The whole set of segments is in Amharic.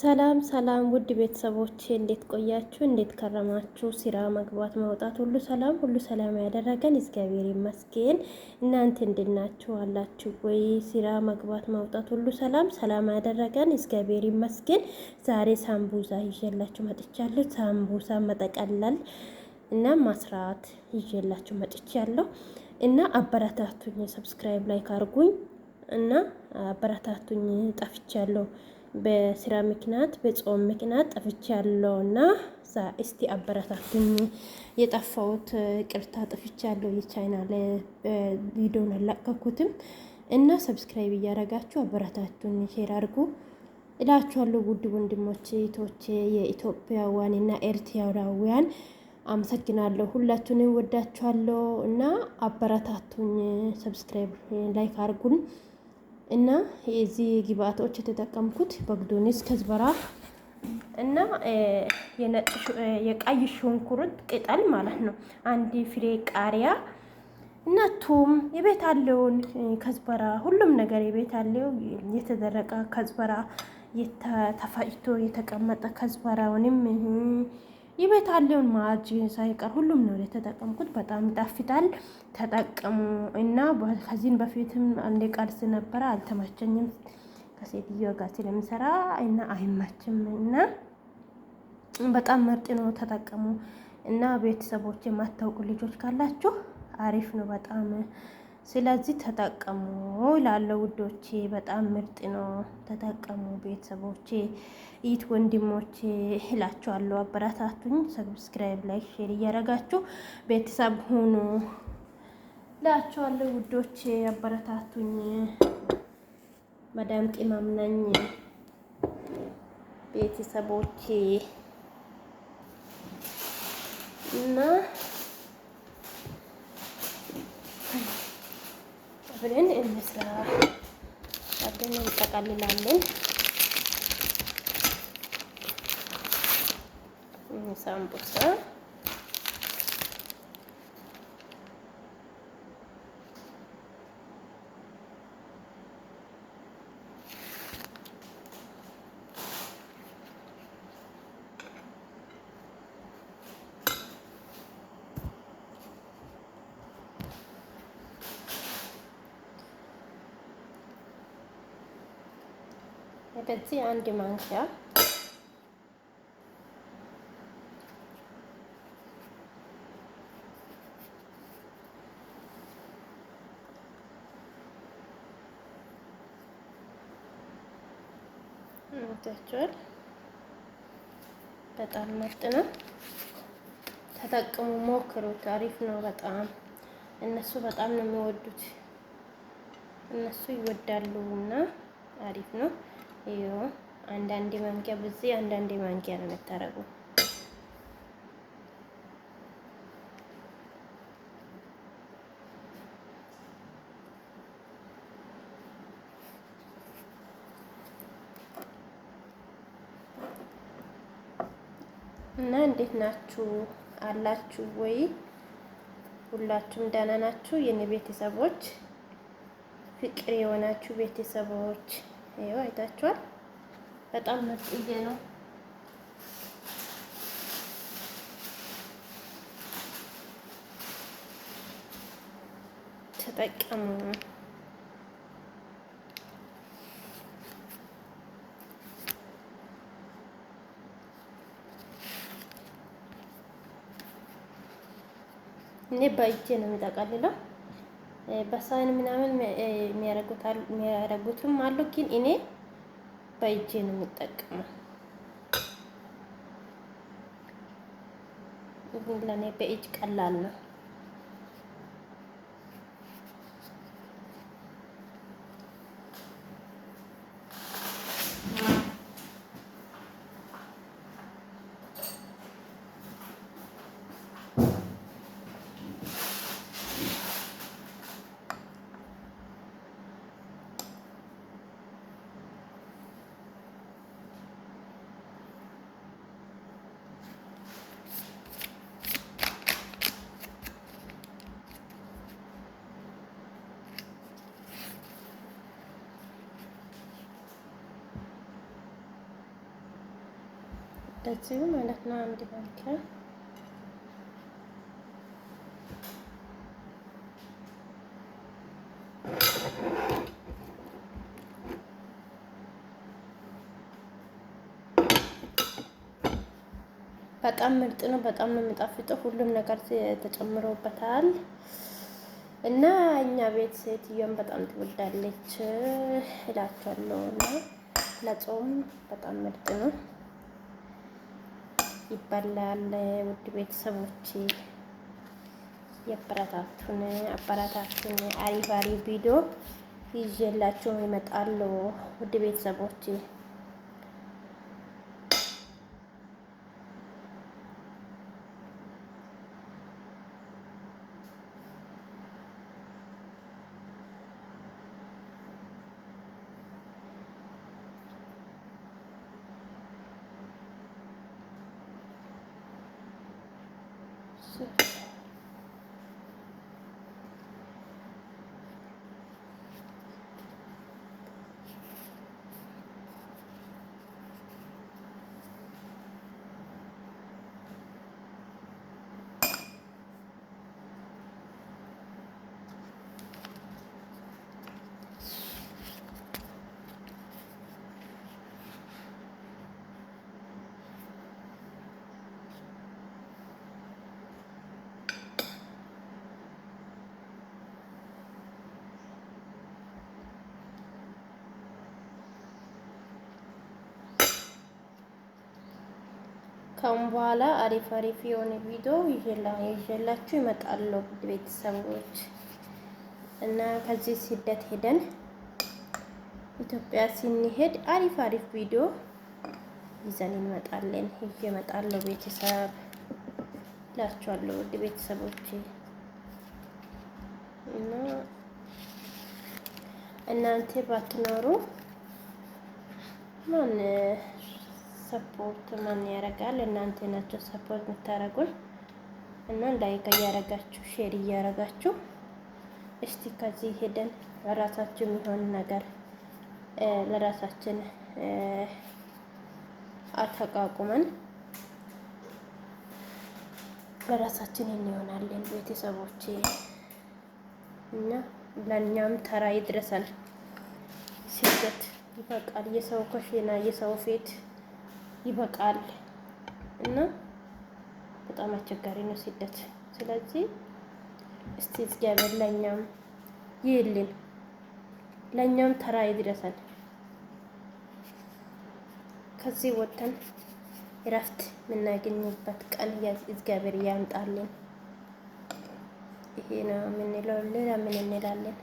ሰላም ሰላም ውድ ቤተሰቦች እንዴት ቆያችሁ? እንዴት ከረማችሁ? ስራ መግባት መውጣት ሁሉ ሰላም ሁሉ ሰላም ያደረገን እግዚአብሔር ይመስገን። እናንተ እንድናችሁ አላችሁ ወይ? ስራ መግባት መውጣት ሁሉ ሰላም ሰላም ያደረገን እግዚአብሔር ይመስገን። ዛሬ ሳምቡሳ ይዤላችሁ መጥቻለሁ። ሳምቡሳ መጠቀለል እና ማስራት ይዤላችሁ መጥቻለሁ እና አበረታቱኝ። ሰብስክራይብ ላይክ አርጉኝ እና አበረታቱኝ። ጠፍቻለሁ በስራ ምክንያት በጾም ምክንያት ጠፍቼ ያለውና ዛ እስቲ አበረታቱኝ። የጠፋሁት ቅርታ ጠፍቼ ያለው የቻይና ቪዲዮን አላቀኩትም እና ሰብስክራይብ እያደረጋችሁ አበረታቱኝ፣ ሼር አድርጉ እላችኋለሁ። ውድ ወንድሞቼ እህቶቼ፣ የኢትዮጵያውያንና ኤርትራውያን አመሰግናለሁ። ሁላችሁንም ወዳችኋለሁ እና አበረታቱኝ፣ ሰብስክራይብ ላይክ አድርጉን። እና የዚህ ግብአቶች የተጠቀምኩት በግዶኒስ ከዝበራ እና የቀይ ሽንኩርት ቅጠል ማለት ነው። አንድ ፍሬ ቃሪያ እና ቱም የቤት አለውን ከዝበራ፣ ሁሉም ነገር የቤት አለው የተደረቀ ከዝበራ፣ ተፈጭቶ የተቀመጠ ከዝበራውንም ይቤት አለውን ማጅ ሳይቀር ሁሉም ነው የተጠቀምኩት። በጣም ይጣፍጣል፣ ተጠቀሙ እና ከዚህን በፊትም አንዴ ቀርስ ነበረ አልተመቸኝም፣ ከሴትዮ ጋር ስለምሰራ እና አይመችም እና በጣም ምርጥ ነው ተጠቀሙ እና ቤተሰቦች የማታውቁ ልጆች ካላችሁ አሪፍ ነው በጣም ስለዚህ ተጠቀሙ ላለው ውዶቼ፣ በጣም ምርጥ ነው። ተጠቀሙ ቤተሰቦቼ፣ ኢት ወንድሞቼ እላችኋለሁ። አበረታቱኝ። ሰብስክራይብ፣ ላይክ፣ ሼር እያረጋችሁ ቤተሰብ ሁኑ እላችኋለሁ ውዶቼ፣ አበረታቱኝ። መዳም ቅመም ነኝ ቤተሰቦቼ እና ብለን እንስራ አድርገን እንጠቀልላለን። ሳምቡሳ በዚህ አንድ ማንኪያ ይታያችኋል። በጣም ምርጥ ነው። ተጠቅሙ፣ ሞክሩት። አሪፍ ነው በጣም እነሱ በጣም ነው የሚወዱት እነሱ ይወዳሉ እና አሪፍ ነው። እዩ አንዳንዴ ማንኪያ በዚህ አንዳንዴ ማንኪያ ነው የምታረጉ። እና እንዴት ናችሁ አላችሁ ወይ? ሁላችሁም ደህና ናችሁ? የኔ ቤተሰቦች ፍቅር የሆናችሁ ቤተሰቦች ይኸው አይታችኋል። በጣም ምርጥዬ ነው። ተጠቀሙ። እኔ በእጄ ነው የሚጠቀልለው። በሳህን ምናምን የሚያደርጉትም አሉ። ግን እኔ በእጄ ነው የምጠቀመው። ለእኔ በእጅ ቀላል ነው። እንደዚሁ ማለት ነው። አንድ ማንኪያ በጣም ምርጥ ነው። በጣም ነው የሚጣፍጠው። ሁሉም ነገር ተጨምሮበታል እና እኛ ቤት ሴትዮን በጣም ትወዳለች እላቸዋለሁ እና ለጾም በጣም ምርጥ ነው። ይባላል። ውድ ቤተሰቦች የአበረታቱን አበረታቱን። አሪፍ አሪፍ ቪዲዮ ይዤላችሁ ይመጣሉ ውድ ቤተሰቦች 是。ከአሁን በኋላ አሪፍ አሪፍ የሆነ ቪዲዮ ይዤላችሁ ይመጣለሁ ቤተሰቦች እና ከዚህ ስደት ሄደን ኢትዮጵያ ስንሄድ አሪፍ አሪፍ ቪዲዮ ይዘን እንመጣለን። ይዤ እመጣለሁ ቤተሰብ እላችኋለሁ፣ ውድ ቤተሰቦች እና እናንተ ባትኖሩ ማን ሰፖርት ማን ያደርጋል? እናንተ ናቸው ሰፖርት የምታደርጉን እና ላይክ እያደረጋችሁ ሼር እያደረጋችሁ እስቲ ከዚህ ሄደን ራሳችን የሚሆን ነገር ለራሳችን አተቃቁመን ለራሳችን እንሆናለን ቤተሰቦች እና ለእኛም ተራ ይድረሳል። ስደት ይበቃል። የሰው ኮሽና የሰው ፊት ይበቃል እና በጣም አስቸጋሪ ነው ስደት። ስለዚህ እስቲ እግዚአብሔር ለእኛም ይልን ለእኛም ተራ ይድረሰን። ከዚህ ወጥተን እረፍት የምናገኝበት ቀን እግዚአብሔር ያምጣልን። ይሄ ነው የምንለው። ሌላ ምን እንላለን?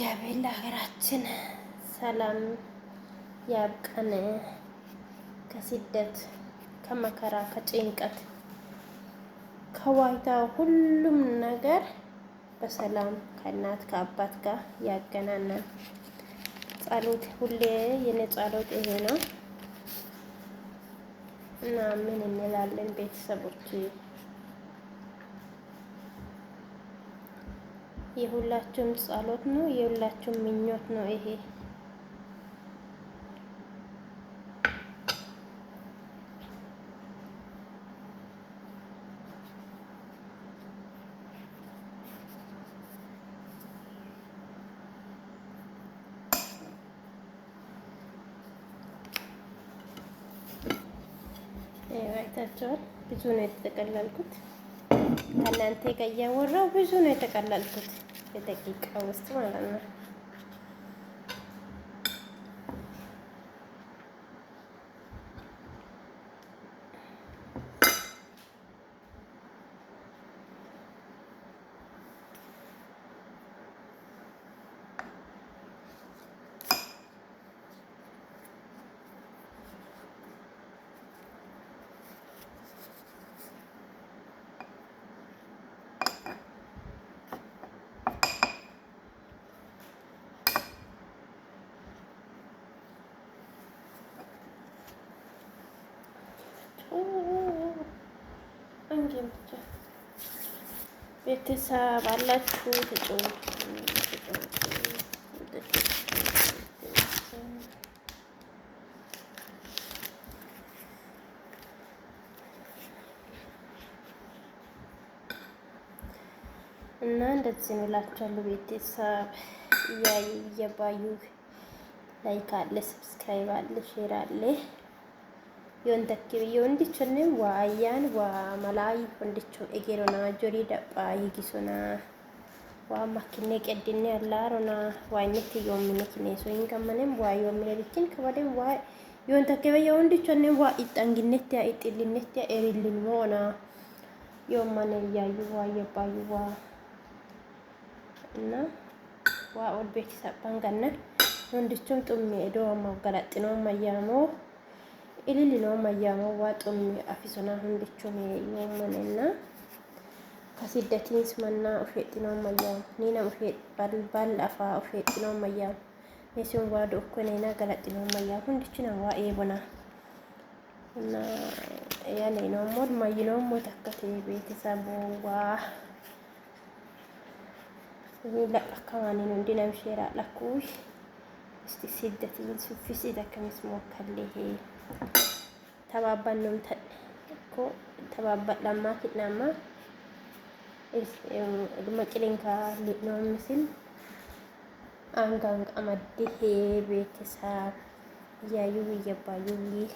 እግዚአብሔር ለሀገራችን ሰላም ያብቀን ከስደት ከመከራ ከጭንቀት ከዋይታ ሁሉም ነገር በሰላም ከእናት ከአባት ጋር ያገናናል። ጸሎት ሁሌ የኔ ጸሎት ይሄ ነው እና ምን እንላለን ቤተሰቦች የሁላችሁም ጸሎት ነው፣ የሁላችሁም ምኞት ነው ይሄ አይታቸዋል። ብዙ ነው የተጠቀለልኩት። ከእናንተ ጋር እያወራሁ ብዙ ነው የተቀለልኩት። এটা কি খাওয়া বুঝতে পারলাম না ብቻ ቤተሰብ አላችሁ ተጫወቱ። እና እንደዚህ ነው እላችኋለሁ። ቤተሰብ እየባዩ ላይክ አለ፣ ሰብስክራይብ አለ፣ ሼር አለ። yontakki yondichonne waa ayyaan waa malaayi hondichon egerona jori dhabba higisona waa makkinne qeddinne allaarona waanyetti yoommine kineeso hin gammanen waa yoommine richin kabaden waa yontakkiwe yondichonne waa ixxanginnettiya ixxillinnettiya erillinmoona yoommane yaayyu waa yebbaayyu waa እና waa ኦል ቤት ሳባን ገነ ወንድቹም ጡም ሄዶ ማጋላጥ ነው መያሞ ililinooma እያመዋጡን አፊሶና ሁንድቹን የመንና ከስደቲንስ መና ኡፌጥኖም አያም ኒና ኡፌጥ ባል አፋ ኡፌጥኖም አያም የሲን ዋዶ እኮ ነና ገለጥኖም አያም ሁንድቹን አዋ ኤቦና እና ያኔ ነው ሞድ ማይኖም ሞት አከቴ ቤተሰቡ ዋ ለቀከማኒ ነው እንዲናምሼራ ለኩሽ እስቲ ስደቲን ሱፊሲ ደከሚስ ሞከሌ ተባባል ነው እኮ ተባባል ለማ ኪናማ መቅሌንካ ነው ምስል አንጋንጋ መድሄ ቤተሰብ እያዩ እየባዩ ይህ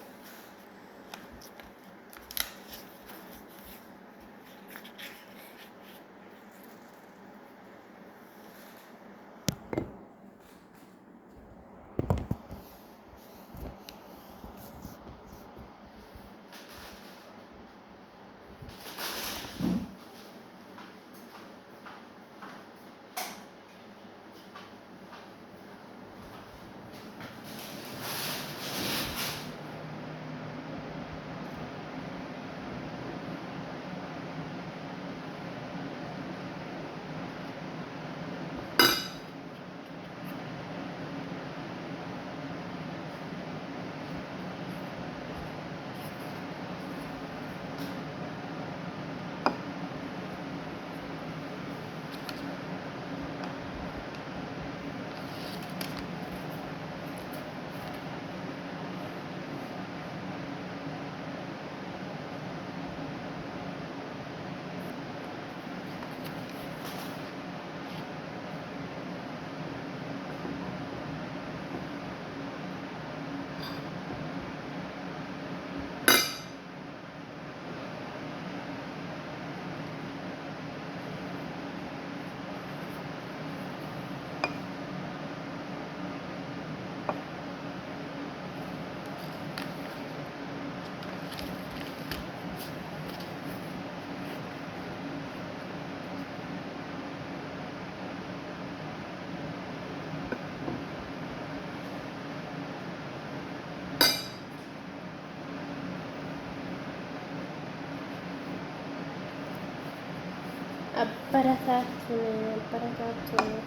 አበረታት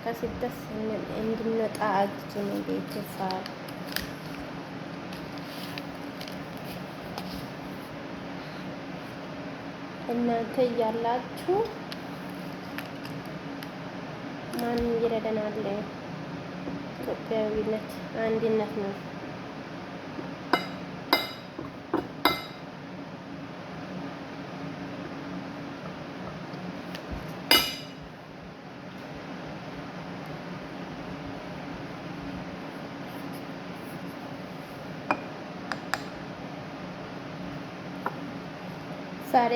ከስደት እንድንወጣ አግዙን ቤተሰብ እናንተ እያላችሁ ማን ይረዳናል? ኢትዮጵያዊነት አንድነት ነው። ዛሬ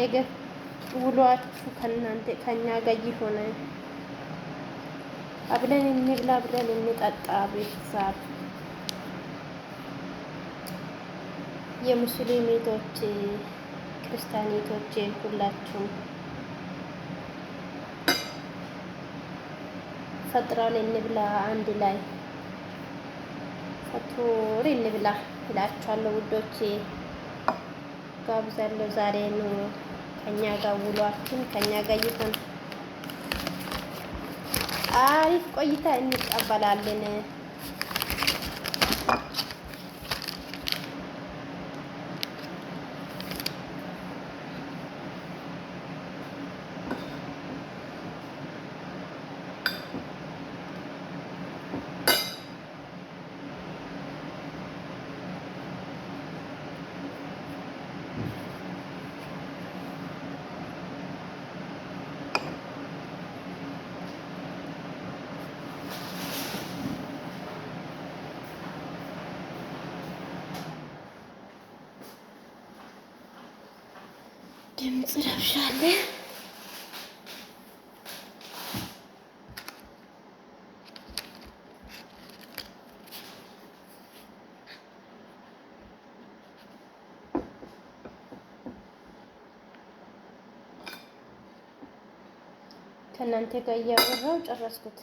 ውሏችሁ ከእናንተ ከእኛ ጋር ይሆነ አብለን እንብላ አብለን እንጠጣ። ቤተሰብ የሙስሊም እህቶች ክርስቲያን እህቶች ሁላችሁም ፈጥራን እንብላ፣ አንድ ላይ ፈጡር እንብላ ይላችኋለሁ ውዶቼ። ጋብዛለሁ። ዛሬ ነው ከኛ ጋር ውሏችን ከኛ ጋር ይሁን። አሪፍ ቆይታ እንቀበላለን። ድምፅ ረብሻ ከእናንተ ጋር እያወራው ጨረስኩት።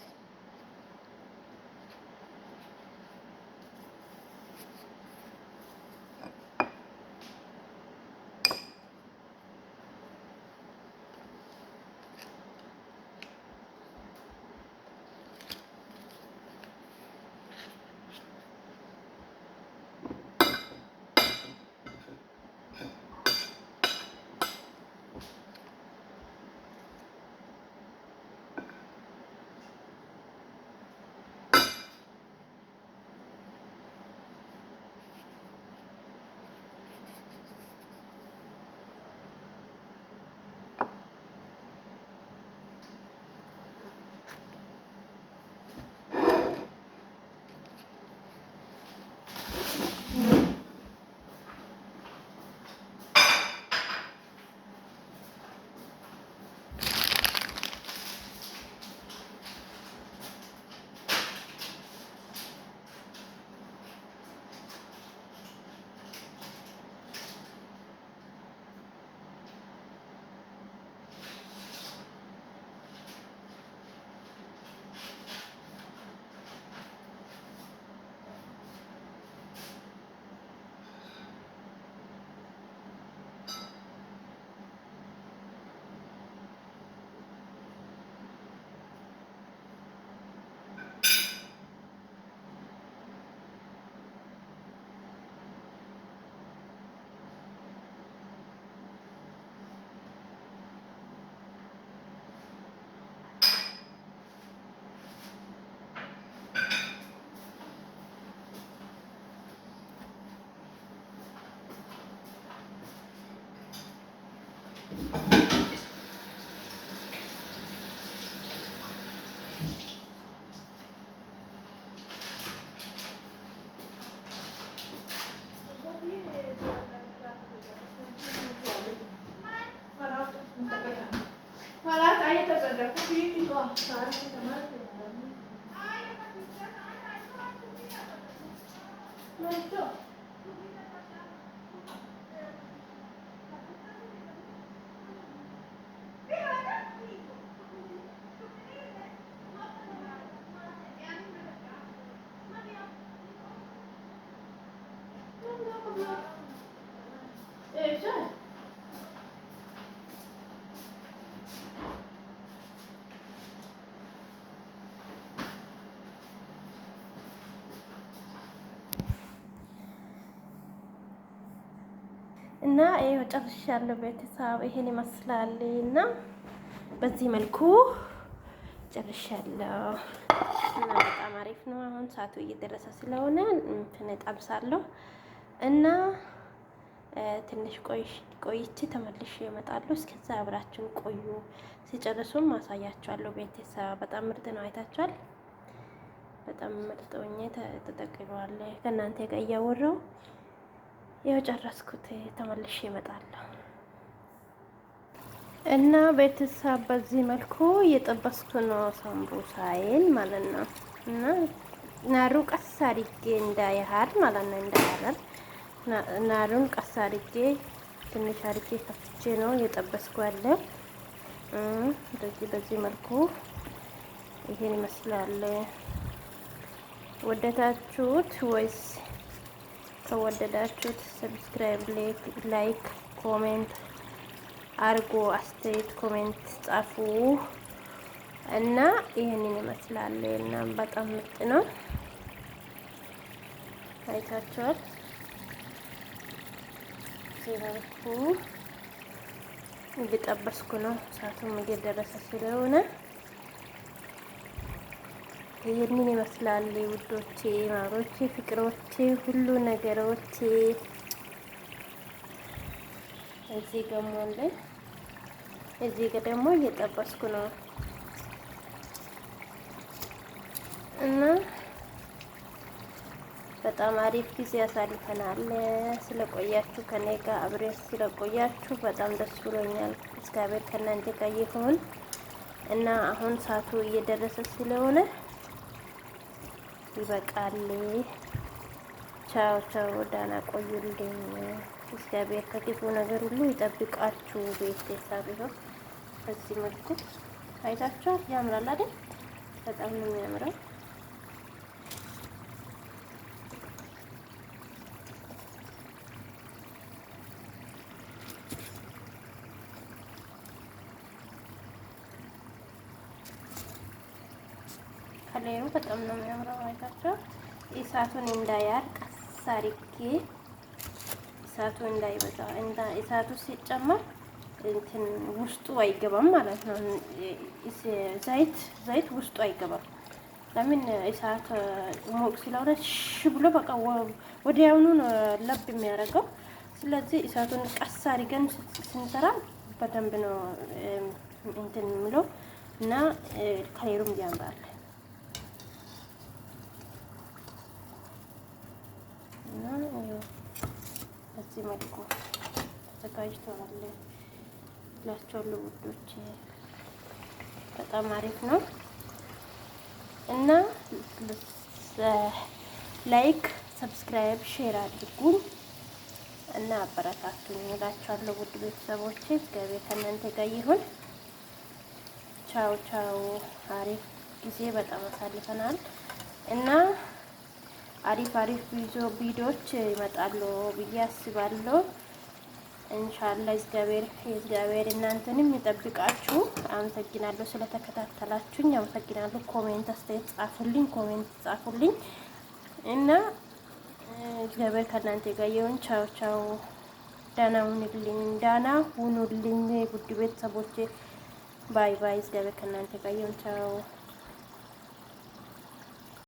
እና ይኸው ጨርሻለሁ። ቤተሰብ ይሄን ይመስላል እና በዚህ መልኩ ጨርሻለሁ እና በጣም አሪፍ ነው። አሁን ሰዓቱ እየደረሰ ስለሆነ እንትን እጠብሳለሁ እና ትንሽ ቆይቼ ተመልሼ እመጣለሁ። እስከዛ አብራችን ቆዩ። ሲጨርሱም ማሳያቸዋለሁ። ቤተሰብ በጣም ምርጥ ነው። አይታችኋል። በጣም ምርጥ ሆኜ ተጠቅሏል። ከእናንተ ጋር እያወራሁ ያው ጨረስኩት፣ ተመልሼ እመጣለሁ እና ቤተሰብ በዚህ መልኩ እየጠበስኩ ነው ሳምቡሳዬን ማለት ነው። እና ናሩ ቀስ አድርጌ እንዳያሀር ማለት ነው እንዳያረር ናሩን ቀስ አድርጌ ትንሽ አድርጌ ከፍቼ ነው እየጠበስኩ ያለ። በዚህ በዚህ መልኩ ይሄን ይመስላል። ወደታችሁት ወይስ ከወደዳችሁት ሰብስክራይብ፣ ላይክ፣ ኮሜንት አርጎ አስተያየት ኮሜንት ጻፉ እና ይህንን ይመስላል እና በጣም ምርጥ ነው። አይታችኋል ሲበርኩ እየጠበስኩ ነው። እሳቱም እየደረሰ ስለሆነ ይህንን ይመስላል ውዶቼ፣ ማሮቼ፣ ፍቅሮቼ፣ ሁሉ ነገሮቼ። እዚህ ገሞን ላይ እዚህ ጋር ደግሞ እየጠበስኩ ነው እና በጣም አሪፍ ጊዜ ያሳልፈናል። ስለቆያችሁ ከኔ ጋር አብሬ ስለቆያችሁ በጣም ደስ ብሎኛል። እግዚአብሔር ከእናንተ ጋር ይሁን እና አሁን ሰዓቱ እየደረሰ ስለሆነ ይበቃል። ቻው ቻው፣ ደህና ቆዩልኝ። እግዚአብሔር ከክፉ ነገር ሁሉ ይጠብቃችሁ። ቤተሰብ ይኸው በዚህ መልኩ አይታችኋል። ያምራል አይደል? በጣም ነው የሚያምረው። ላይ ነው። በጣም ነው የሚያምረው። አይታችሁ እሳቱን እንዳያር ሳሪኪ እሳቱ እንዳይበዛ እንዳ እሳቱ ሲጨመር እንትን ውስጡ አይገባም ማለት ነው። ዘይት ዘይት ውስጡ አይገባም። ለምን እሳት ሞቅ ስለሆነ ሽ ብሎ በቃ ወዲያውኑ ለብ የሚያደርገው። ስለዚህ እሳቱን ቀስ አድርገን ስንሰራ በደንብ ነው እንትን የሚለው እና ከሌሩም ያምራል። በዚህ መልኩ ተዘጋጅተዋል ብላችኋለሁ ውዶች። በጣም አሪፍ ነው እና ላይክ፣ ሰብስክራይብ፣ ሼር አድርጉ እና አበረታቱኝ እላችኋለሁ ውድ ቤተሰቦቼ። እግዚአብሔር ከእናንተ ጋር ይሁን። ቻው ቻው። አሪፍ ጊዜ በጣም አሳልፈናል እና አሪፍ አሪፍ ይዞ ቪዲዮዎች ይመጣሉ ብዬ አስባለሁ። እንሻላ እግዚአብሔር እግዚአብሔር እናንተንም ይጠብቃችሁ። አመሰግናለሁ ስለተከታተላችሁኝ፣ አመሰግናለሁ። ኮሜንት አስተያየት ጻፉልኝ፣ ኮሜንት ጻፉልኝ እና እግዚአብሔር ከእናንተ ጋር ይሁን። ቻው ቻው። ዳና ሁኑልኝ፣ ዳና ሁኑልኝ ውድ ቤተሰቦቼ። ባይ ባይ። እግዚአብሔር ከእናንተ ጋር ይሁን። ቻው